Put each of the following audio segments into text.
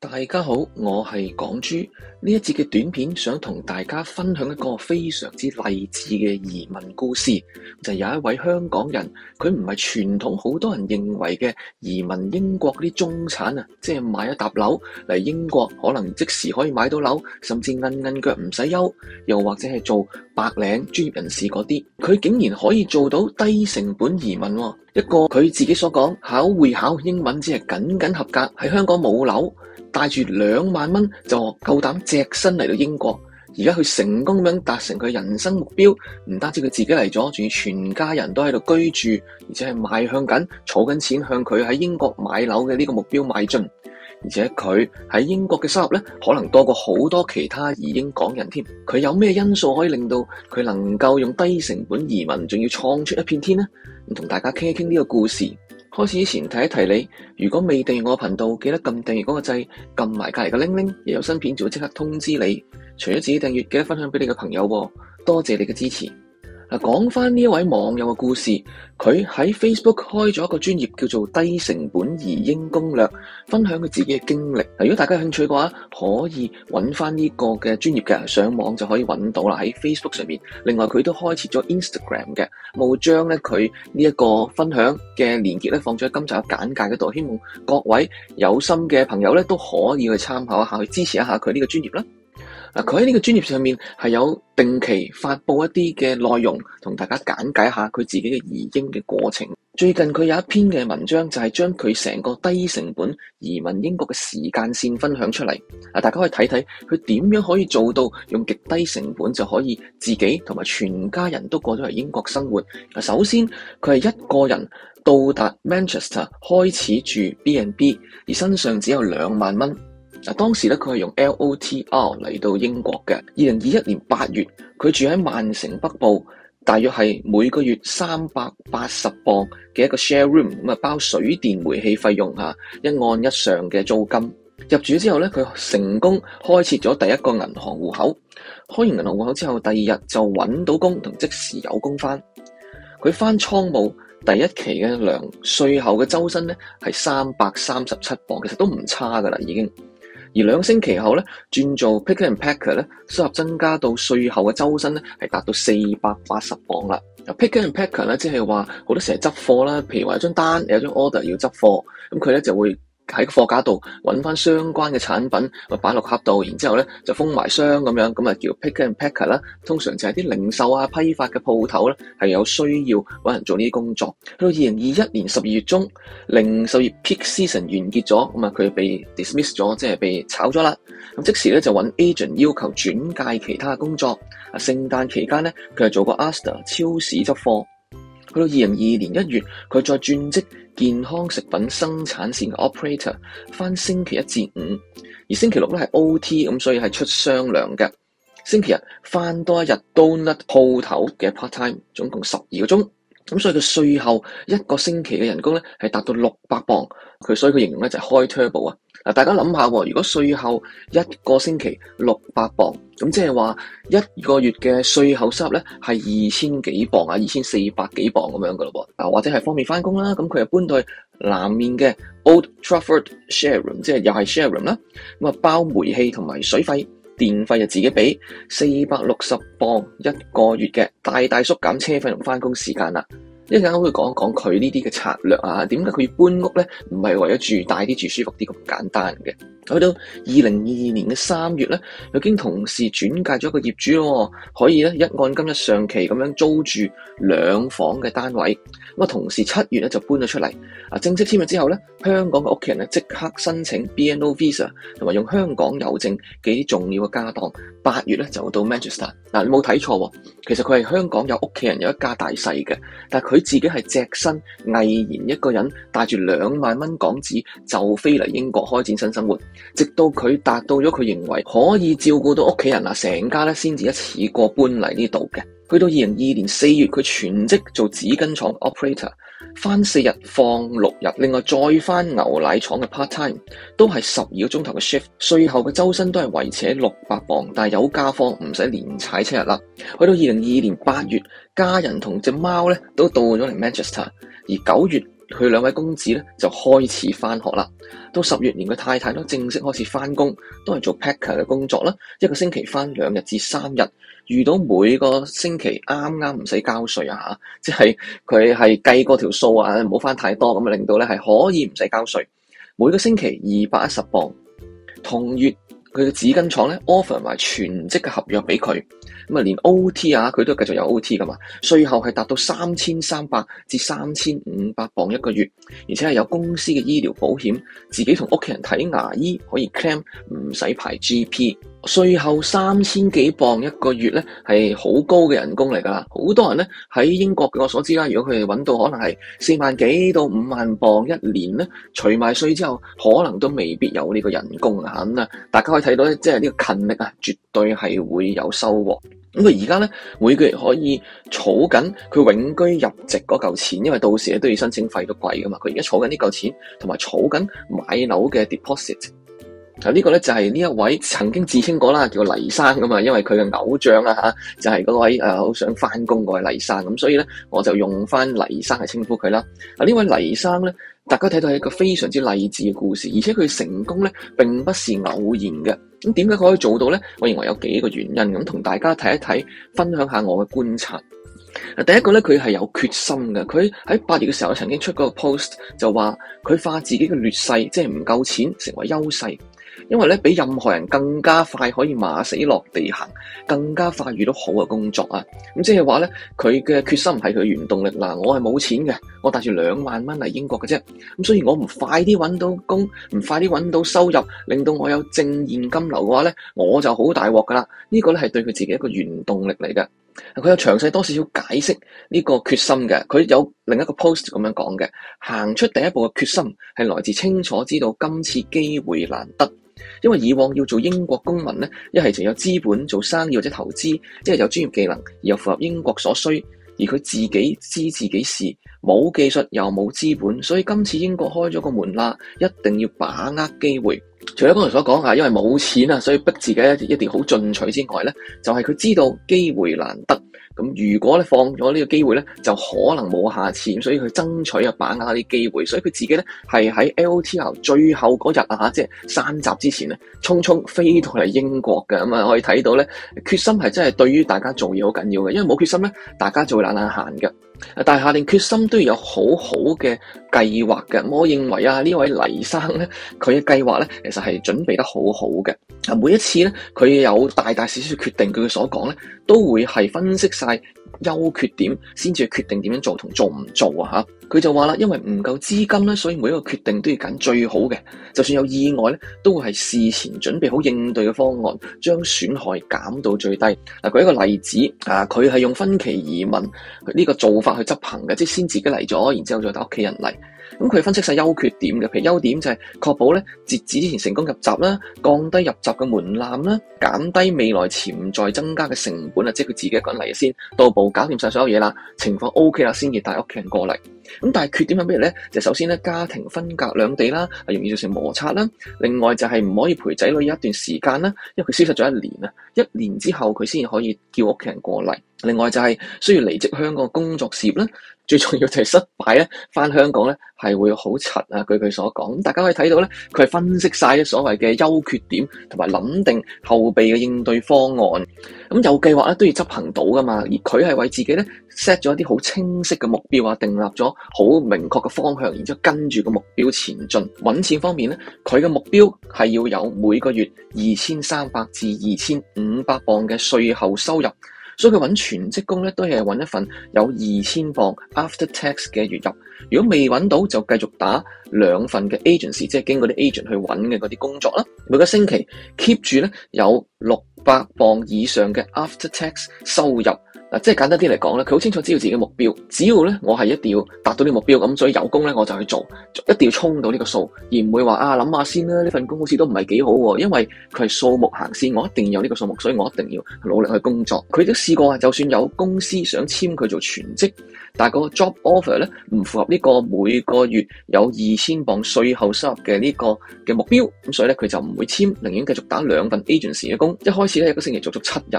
大家好，我係港豬。呢一節嘅短片，想同大家分享一個非常之勵志嘅移民故事。就有一位香港人，佢唔係傳統好多人認為嘅移民英國啲中產啊，即係買一沓樓嚟英國，可能即時可以買到樓，甚至摁摁腳唔使憂，又或者係做白領專業人士嗰啲，佢竟然可以做到低成本移民。一個佢自己所講考會考英文，只係僅僅合格，喺香港冇樓。帶住兩萬蚊就夠膽隻身嚟到英國，而家佢成功咁樣達成佢人生目標，唔單止佢自己嚟咗，仲要全家人都喺度居住，而且係邁向緊，儲緊錢向佢喺英國買樓嘅呢個目標邁進，而且佢喺英國嘅收入呢，可能多過好多其他移英港人添。佢有咩因素可以令到佢能夠用低成本移民，仲要創出一片天呢？咁同大家傾一傾呢個故事。開始之前提一提你，如果未訂閱我頻道，記得撳訂閱嗰個掣，撳埋隔離個鈴鈴，又有新片就會即刻通知你。除咗自己訂閱，記得分享畀你嘅朋友喎，多謝你嘅支持。啊，講翻呢一位網友嘅故事，佢喺 Facebook 開咗一個專頁叫做《低成本移英攻略》，分享佢自己嘅經歷。如果大家有興趣嘅話，可以揾翻呢個嘅專頁嘅人上網就可以揾到啦，喺 Facebook 上面。另外佢都開設咗 Instagram 嘅，冇將咧佢呢一個分享嘅連結咧放咗喺今集嘅簡介嗰度，希望各位有心嘅朋友咧都可以去參考一下，去支持一下佢呢個專頁啦。嗱，佢喺呢個專業上面係有定期發布一啲嘅內容，同大家簡介下佢自己嘅移英嘅過程。最近佢有一篇嘅文章就係將佢成個低成本移民英國嘅時間線分享出嚟。嗱，大家可以睇睇佢點樣可以做到用極低成本就可以自己同埋全家人都過到嚟英國生活。首先，佢係一個人到達 Manchester，開始住 B&B，而身上只有兩萬蚊。嗱，當時咧佢係用 L O T R 嚟到英國嘅。二零二一年八月，佢住喺曼城北部，大約係每個月三百八十磅嘅一個 share room 咁啊，包水電煤氣費用嚇，一按一上嘅租金入住之後咧，佢成功開設咗第一個銀行戶口。開完銀行戶口之後，第二日就揾到工同和即時有工返。佢返倉務第一期嘅糧稅後嘅周薪咧係三百三十七磅，其實都唔差噶啦，已經。而兩星期後咧，轉做 picker and packer 咧，收入增加到稅後嘅周薪咧係達到四百八十磅啦。Picker and packer 咧，即係話好多成日執貨啦，譬如話有張單，有張 order 要執貨，咁佢咧就會。喺個貨架度揾翻相關嘅產品，咪擺落盒度，然之後咧就封埋箱咁樣，咁啊叫 pick and packer 啦。通常就係啲零售啊、批發嘅鋪頭咧係有需要揾人做呢啲工作。去到二零二一年十二月中，零售業 peak season 完結咗，咁啊佢被 dismiss 咗，即係被炒咗啦。咁即時咧就揾 agent 要求轉介其他工作。啊，聖誕期間咧佢係做過 aster 超市執貨。去到二零二二年一月，佢再轉職健康食品生產線嘅 operator，返星期一至五，而星期六咧係 OT，咁所以係出雙糧嘅。星期日返多一日 donut 鋪頭嘅 part time，總共十二個鐘。咁所以佢稅後一個星期嘅人工呢係達到六百磅，佢所以佢形容呢就係、是、開 turbo 啊，大家諗下喎，如果稅後一個星期六百磅，咁即係話一個月嘅稅後收入呢係二千幾磅啊，二千四百幾磅咁樣噶咯噃，或者係方便返工啦，咁佢又搬到去南面嘅 Old Trafford Share Room，即係又係 Share Room 啦。咁啊包煤氣同埋水費。電費就自己俾，四百六十磅一個月嘅，大大縮減車費同翻工時間啦。一陣間可以講講佢呢啲嘅策略啊，點解佢要搬屋咧？唔係為咗住大啲、住舒服啲咁簡單嘅。去到二零二二年嘅三月咧，又經同事轉介咗一個業主咯，可以咧一按金一上期咁樣租住兩房嘅單位。咁啊，同時七月咧就搬咗出嚟。啊，正式簽約之後咧，香港嘅屋企人咧即刻申請 BNO Visa，同埋用香港郵政寄啲重要嘅家當。八月咧就到 Manchester。嗱、啊，你冇睇錯，其實佢係香港有屋企人有一家大細嘅，但佢自己係隻身毅然一個人，帶住兩萬蚊港紙就飛嚟英國開展新生活。直到佢達到咗佢認為可以照顧到屋企人啊，成家咧先至一次過搬嚟呢度嘅。去到2022年4月，佢全職做紙巾廠 operator，返四日放六日，另外再返牛奶廠嘅 part time，都係十二個鐘頭嘅 shift。最後嘅周薪都係維持喺六百磅，但係有假放唔使連踩七日啦。去到2022年8月，家人同隻貓咧都到咗嚟 Manchester，而九月。佢兩位公子咧就開始翻學啦。到十月，連佢太太都正式開始翻工，都係做 packer 嘅工作啦。一個星期翻兩日至三日，遇到每個星期啱啱唔使交稅啊！嚇，即係佢係計個條數啊，唔好翻太多咁啊，令到咧係可以唔使交稅。每個星期二百一十磅，同月佢嘅紙巾廠咧 offer 埋全職嘅合約俾佢。咁啊，連 O.T. 啊，佢都繼續有 O.T. 㗎嘛。稅後係達到三千三百至三千五百磅一個月，而且係有公司嘅醫療保險，自己同屋企人睇牙醫可以 claim，唔使排 G.P. 稅後三千幾磅一個月咧，係好高嘅人工嚟㗎喇！好多人咧喺英國據我所知啦，如果佢哋揾到可能係四萬幾到五萬磅一年咧，除埋稅之後，可能都未必有呢個人工啊咁啊！大家可以睇到咧，即係呢個勤力啊，絕對係會有收穫。咁佢而家咧每個月可以儲緊佢永居入籍嗰嚿錢，因為到時咧都要申請費都貴㗎嘛。佢而家儲緊呢嚿錢，同埋儲緊買樓嘅 deposit。啊這個、呢個咧就係、是、呢一位曾經自稱過啦叫黎生㗎嘛，因為佢嘅偶像啦、啊、吓，就係、是、嗰位好、啊、想翻工嗰位黎生咁，所以咧我就用翻黎生去稱呼佢啦。啊，位呢位黎生咧，大家睇到係一個非常之勵志嘅故事，而且佢成功咧並不是偶然嘅。咁點解佢可以做到咧？我認為有幾個原因，咁同大家睇一睇，分享下我嘅觀察。第一個咧，佢係有決心嘅。佢喺八月嘅時候曾經出過個 post 就話，佢化自己嘅劣勢，即係唔夠錢，成為優勢。因為咧，比任何人更加快可以馬死落地行，更加快遇到好嘅工作啊！咁、嗯、即係話咧，佢嘅決心係佢原動力嗱、呃，我係冇錢嘅，我帶住兩萬蚊嚟英國嘅啫，咁、嗯、所以我唔快啲搵到工，唔快啲搵到收入，令到我有正現金流嘅話咧，我就好大鑊噶啦！這個、呢個咧係對佢自己一個原動力嚟嘅。佢有詳細多少少解釋呢個決心嘅，佢有另一個 post 咁樣講嘅，行出第一步嘅決心係來自清楚知道今次機會難得，因為以往要做英國公民咧，一係就有資本做生意或者投資，一係有專業技能，而又符合英國所需，而佢自己知自己事，冇技術又冇資本，所以今次英國開咗個門啦，一定要把握機會。除咗剛才所講啊，因為冇錢啊，所以逼自己一一定好進取之外咧，就係、是、佢知道機會難得，咁如果咧放咗呢個機會咧，就可能冇下次，所以佢爭取啊，把握呢啲機會。所以佢自己咧係喺 LTL 最後嗰日啊吓，即、就、係、是、三集之前啊，匆匆飛到嚟英國嘅，咁啊可以睇到咧決心係真係對於大家做嘢好緊要嘅，因為冇決心咧，大家就會懶懶閒嘅。但下定決心都要有好好嘅計劃嘅，我認為啊，呢位黎生咧，佢嘅計劃咧，其實係準備得好好嘅。啊，每一次咧，佢有大大小小決定，佢嘅所講咧，都會係分析晒優缺點，先至決定點樣做同做唔做啊！吓。佢就話啦，因為唔夠資金咧，所以每一個決定都要揀最好嘅。就算有意外咧，都會係事前準備好應對嘅方案，將損害減到最低。嗱、啊，舉一個例子啊，佢係用分期移民呢個做法去執行嘅，即係先自己嚟咗，然之後再帶屋企人嚟。咁佢分析晒優缺點嘅，譬如優點就係確保咧截止之前成功入閘啦，降低入閘嘅門檻啦，減低未來潛在增加嘅成本啊。即係佢自己一個人嚟先，到步搞掂晒所有嘢啦，情況 OK 啦，先至帶屋企人過嚟。咁但係缺點係咩咧？就是，首先咧，家庭分隔兩地啦，容易造成摩擦啦。另外就係唔可以陪仔女一段時間啦，因為佢消失咗一年啊，一年之後，佢先可以叫屋企人過嚟。另外就係、是、需要離職香港嘅工作事業呢，最重要就係失敗咧，返香港咧係會好柒啊！據佢所講，大家可以睇到咧，佢分析晒咗所謂嘅優缺點，同埋諗定後備嘅應對方案。咁有計劃咧都要執行到噶嘛，而佢係為自己咧 set 咗一啲好清晰嘅目標啊，定立咗好明確嘅方向，然之後跟住個目標前進。揾錢方面咧，佢嘅目標係要有每個月二千三百至二千五百磅嘅稅後收入。所以佢揾全職工呢都係揾一份有二千磅 after tax 嘅月入。如果未揾到，就繼續打兩份嘅 agency，即係經過啲 agent 去揾嘅嗰啲工作啦。每個星期 keep 住有六百磅以上嘅 after tax 收入。嗱，即係簡單啲嚟講咧，佢好清楚知道自己嘅目標，只要咧我係一定要達到呢個目標，咁所以有工咧我就去做，一定要衝到呢個數，而唔會話啊諗下先啦，呢份工好似都唔係幾好喎，因為佢係數目行先，我一定要有呢個數目，所以我一定要努力去工作。佢都試過啊，就算有公司想簽佢做全職。但係個 job offer 咧唔符合呢個每個月有二千磅稅後收入嘅呢個嘅目標，咁所以咧佢就唔會簽，寧願繼續打兩份 agency 嘅工。一開始咧一個星期足足七日，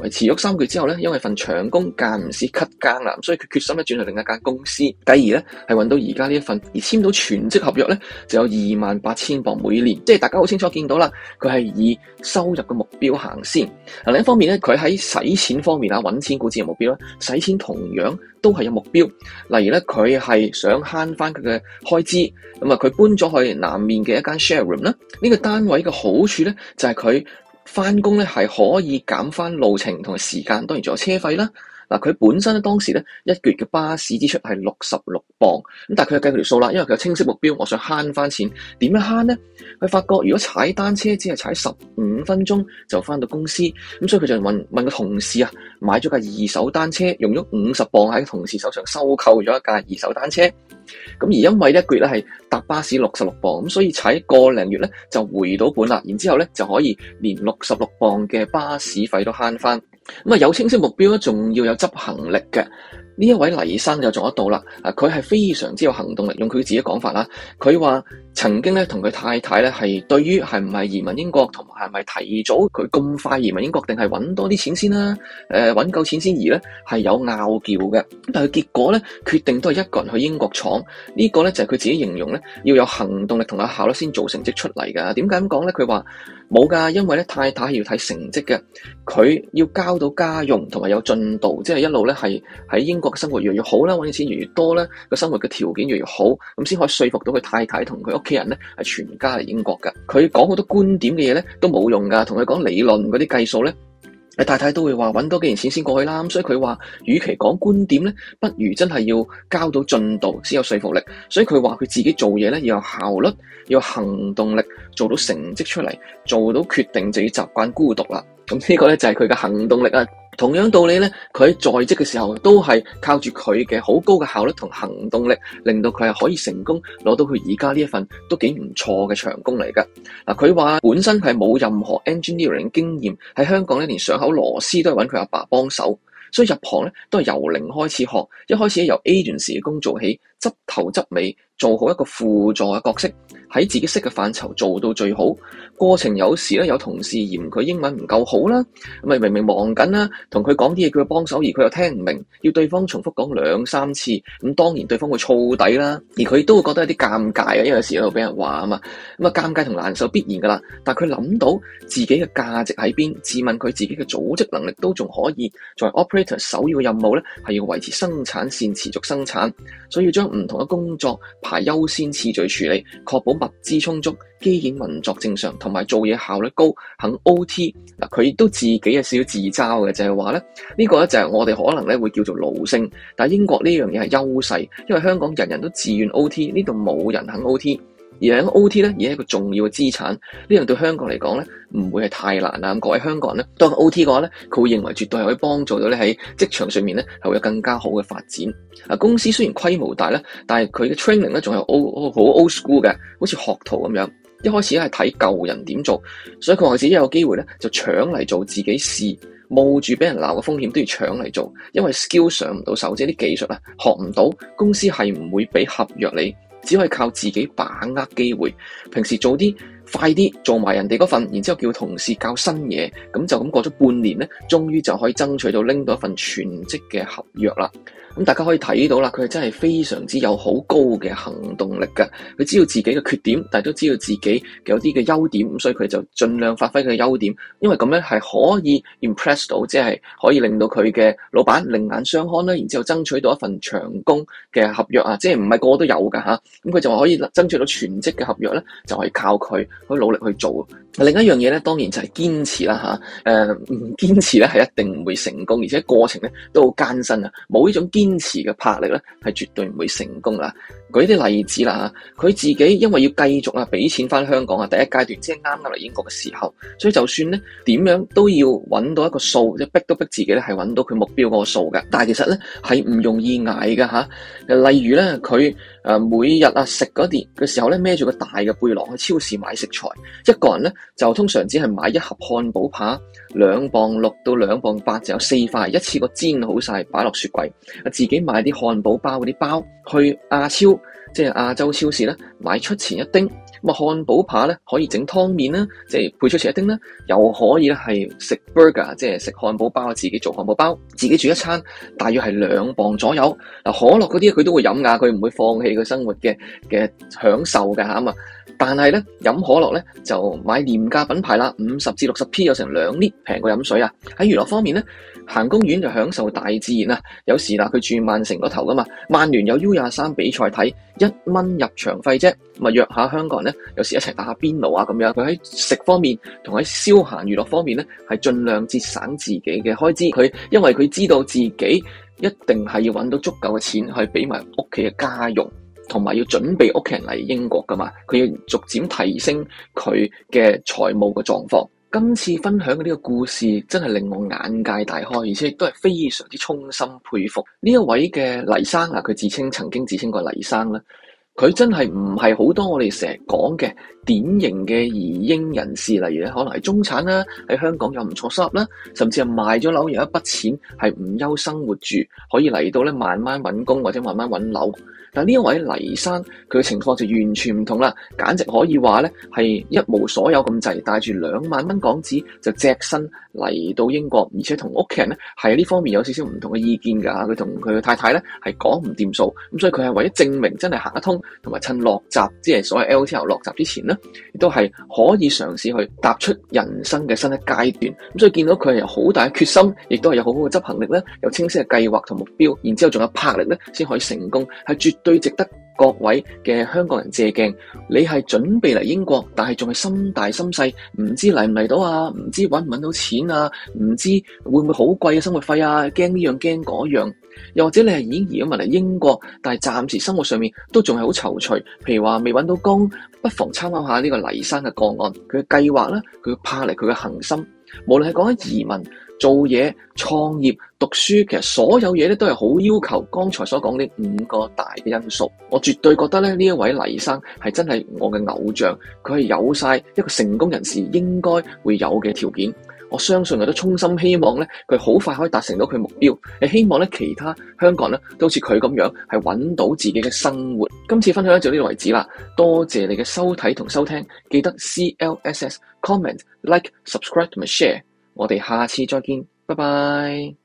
維持咗三個月之後咧，因為份長工間唔時 cut 更啦，所以佢決心咧轉去另一間公司。第二咧係揾到而家呢一份而簽到全職合約咧，就有二萬八千磅每年，即係大家好清楚見到啦。佢係以收入嘅目標行先。嗱另一方面咧，佢喺使錢方面啊，揾錢固然嘅目標啦，使錢同樣都係有。目標，例如咧，佢係想慳翻佢嘅開支，咁啊，佢搬咗去南面嘅一間 share room 啦。呢個單位嘅好處咧，就係佢翻工咧係可以減翻路程同埋時間，當然仲有車費啦。嗱，佢本身咧當時咧一個月嘅巴士支出係六十六磅，咁但係佢又計佢條數啦，因為佢有清晰目標，我想慳翻錢，點樣慳咧？佢發覺如果踩單車只係踩十五分鐘就翻到公司，咁所以佢就問問個同事啊，買咗架二手單車，用咗五十磅喺同事手上收購咗一架二手單車，咁而因為一個月咧係搭巴士六十六磅，咁所以踩個零月咧就回到本啦，然之後咧就可以連六十六磅嘅巴士費都慳翻。咁啊，有清晰目標咧，仲要有執行力嘅。呢一位黎生就做得到啦！啊，佢係非常之有行動力，用佢自己講法啦。佢話曾經咧同佢太太咧係對於係唔係移民英國同埋係咪提早佢咁快移民英國定係揾多啲錢先啦、啊？誒揾夠錢先移咧係有拗撬嘅。但係結果咧決定都係一個人去英國闖。這個、呢個咧就係、是、佢自己形容咧要有行動力同埋效率先做成績出嚟㗎。點解咁講咧？佢話冇㗎，因為咧太太要睇成績嘅，佢要交到家用同埋有進度，即、就、係、是、一路咧係喺英國。生活越嚟越好啦，搵錢越嚟越多啦，個生活嘅條件越嚟越好，咁先可以說服到佢太太同佢屋企人咧係全家嚟英國噶。佢講好多觀點嘅嘢咧都冇用噶，同佢講理論嗰啲計數咧，阿太太都會話搵多幾年錢先過去啦。所以佢話，與其講觀點咧，不如真係要交到進度先有說服力。所以佢話佢自己做嘢咧要有效率，要有行動力，做到成績出嚟，做到決定就要習慣孤獨啦。咁呢個咧就係佢嘅行動力啊！同樣道理咧，佢喺在職嘅時候都係靠住佢嘅好高嘅效率同行動力，令到佢係可以成功攞到佢而家呢一份都幾唔錯嘅長工嚟㗎。嗱、啊，佢話本身佢係冇任何 engineering 經驗，喺香港咧連上口螺絲都係揾佢阿爸幫手，所以入行咧都係由零開始學，一開始由 agency 嘅工做起，執頭執尾，做好一個輔助嘅角色。喺自己識嘅範疇做到最好。過程有時咧，有同事嫌佢英文唔夠好啦，咁咪明明忙緊啦，同佢講啲嘢叫佢幫手，而佢又聽唔明，要對方重複講兩三次，咁當然對方會燥底啦。而佢都會覺得有啲尷尬啊，因為有時喺度俾人話啊嘛。咁啊，尷尬同難受必然噶啦。但佢諗到自己嘅價值喺邊，自問佢自己嘅組織能力都仲可以。作為 operator 首要嘅任務咧，係要維持生產線持續生產，所以要將唔同嘅工作排優先次序處理，確保，物資充足，基建運作正常，同埋做嘢效率高，肯 O T 嗱，佢都自己有少少自嘲嘅，就係話咧，呢、這個咧就係我哋可能咧會叫做勞性，但係英國呢樣嘢係優勢，因為香港人人都自願 O T，呢度冇人肯 O T。而喺 O.T. 呢，而係一個重要嘅資產。呢樣對香港嚟講呢，唔會係太難啊！各位香港人呢，當 O.T. 嘅話呢，佢會認為絕對係可以幫助到你喺職場上面呢，係會有更加好嘅發展。啊，公司雖然規模大咧，但係佢嘅 training 呢，仲係 O O 好 old school 嘅，好似學徒咁樣。一開始咧係睇舊人點做，所以佢自己有機會呢，就搶嚟做，自己事，冒住俾人鬧嘅風險都要搶嚟做，因為 skill 上唔到手，即係啲技術呀，學唔到，公司係唔會俾合約你。只係靠自己把握機會，平時做啲。快啲做埋人哋嗰份，然之後叫同事教新嘢，咁就咁過咗半年呢，終於就可以爭取到拎到一份全職嘅合約啦。咁大家可以睇到啦，佢係真係非常之有好高嘅行動力噶。佢知道自己嘅缺點，但係都知道自己有啲嘅優點，所以佢就盡量發揮佢嘅優點。因為咁樣係可以 impress 到，即係可以令到佢嘅老闆另眼相看啦。然之後爭取到一份長工嘅合約啊，即係唔係個個都有噶嚇。咁佢就話可以爭取到全職嘅合約呢，就係靠佢。去努力去做。另一樣嘢咧，當然就係堅持啦嚇。誒，唔堅持咧，係一定唔會成功，而且過程咧都好艱辛啊！冇呢種堅持嘅魄力咧，係絕對唔會成功啦。舉啲例子啦嚇，佢自己因為要繼續啊俾錢翻香港啊，第一階段即係啱啱嚟英國嘅時候，所以就算咧點樣都要揾到一個數，即係逼都逼自己咧，係揾到佢目標個數嘅。但係其實咧係唔容易捱㗎。例如咧，佢誒每日啊食嗰啲嘅時候咧，孭住個大嘅背囊去超市買食材，一個人咧。就通常只係買一盒漢堡扒兩磅六到兩磅八就有四塊，一次過煎好晒，擺落雪櫃。啊，自己買啲漢堡包嗰啲包去亞超，即係亞洲超市咧買出前一丁。咁啊，漢堡扒咧可以整湯麵啦，即係配出前一丁啦，又可以咧係食 burger，即係食漢堡包，自己做漢堡包，自己煮一餐，大約係兩磅左右。嗱，可樂嗰啲佢都會飲噶，佢唔會放棄佢生活嘅嘅享受㗎。吓啊嘛。但係咧，飲可樂咧就買廉價品牌啦，五十至六十 p 有成兩 L，平過飲水啊！喺娛樂方面咧，行公園就享受大自然啊！有時啦，佢住曼城嗰頭噶嘛，曼聯有 U 廿三比賽睇，一蚊入場費啫，咪約下香港人咧，有時一齊打一下邊爐啊咁樣。佢喺食方面同喺消閒娛樂方面咧，係盡量節省自己嘅開支。佢因為佢知道自己一定係要揾到足夠嘅錢去俾埋屋企嘅家用。同埋要準備屋企人嚟英國㗎嘛？佢要逐漸提升佢嘅財務嘅狀況。今次分享嘅呢個故事真係令我眼界大開，而且亦都係非常之衷心佩服呢一位嘅黎生啊！佢自稱曾經自稱過黎生啦，佢真係唔係好多我哋成日講嘅典型嘅移英人士，例如呢，可能係中產啦，喺香港有唔錯收入啦，甚至係賣咗樓有一筆錢係唔憂生活住，可以嚟到咧慢慢揾工或者慢慢揾樓。但呢一位黎生佢嘅情況就完全唔同啦，簡直可以話咧係一無所有咁滯，帶住兩萬蚊港紙就隻身嚟到英國，而且同屋企人咧係呢方面有少少唔同嘅意見㗎。佢同佢嘅太太咧係講唔掂數，咁所以佢係為咗證明真係行得通，同埋趁落閘，即係所謂 LTO 落閘之前咧，亦都係可以嘗試去踏出人生嘅新一階段。咁所以見到佢係有好大嘅決心，亦都係有好好嘅執行力咧，有清晰嘅計劃同目標，然之後仲有魄力咧，先可以成功。最值得各位嘅香港人借鏡，你係準備嚟英國，但係仲係心大心細，唔知嚟唔嚟到啊，唔知揾唔揾到錢啊，唔知會唔會好貴嘅生活費啊，驚呢樣驚嗰樣，又或者你係已經移民嚟英國，但係暫時生活上面都仲係好躊躇，譬如話未揾到工，不妨參考下呢個黎生嘅個案，佢嘅計劃啦，佢拍嚟佢嘅恒心，無論係講緊移民。做嘢、創業、讀書，其實所有嘢咧都係好要求。剛才所講呢五個大嘅因素，我絕對覺得咧呢一位黎生係真係我嘅偶像，佢係有晒一個成功人士應該會有嘅條件。我相信佢都衷心希望咧佢好快可以達成到佢目標，係希望咧其他香港人咧都好似佢咁樣係揾到自己嘅生活。今次分享咧就到呢度為止啦，多謝你嘅收睇同收聽，記得 C L S S comment like subscribe 同 share。我哋下次再見，拜拜。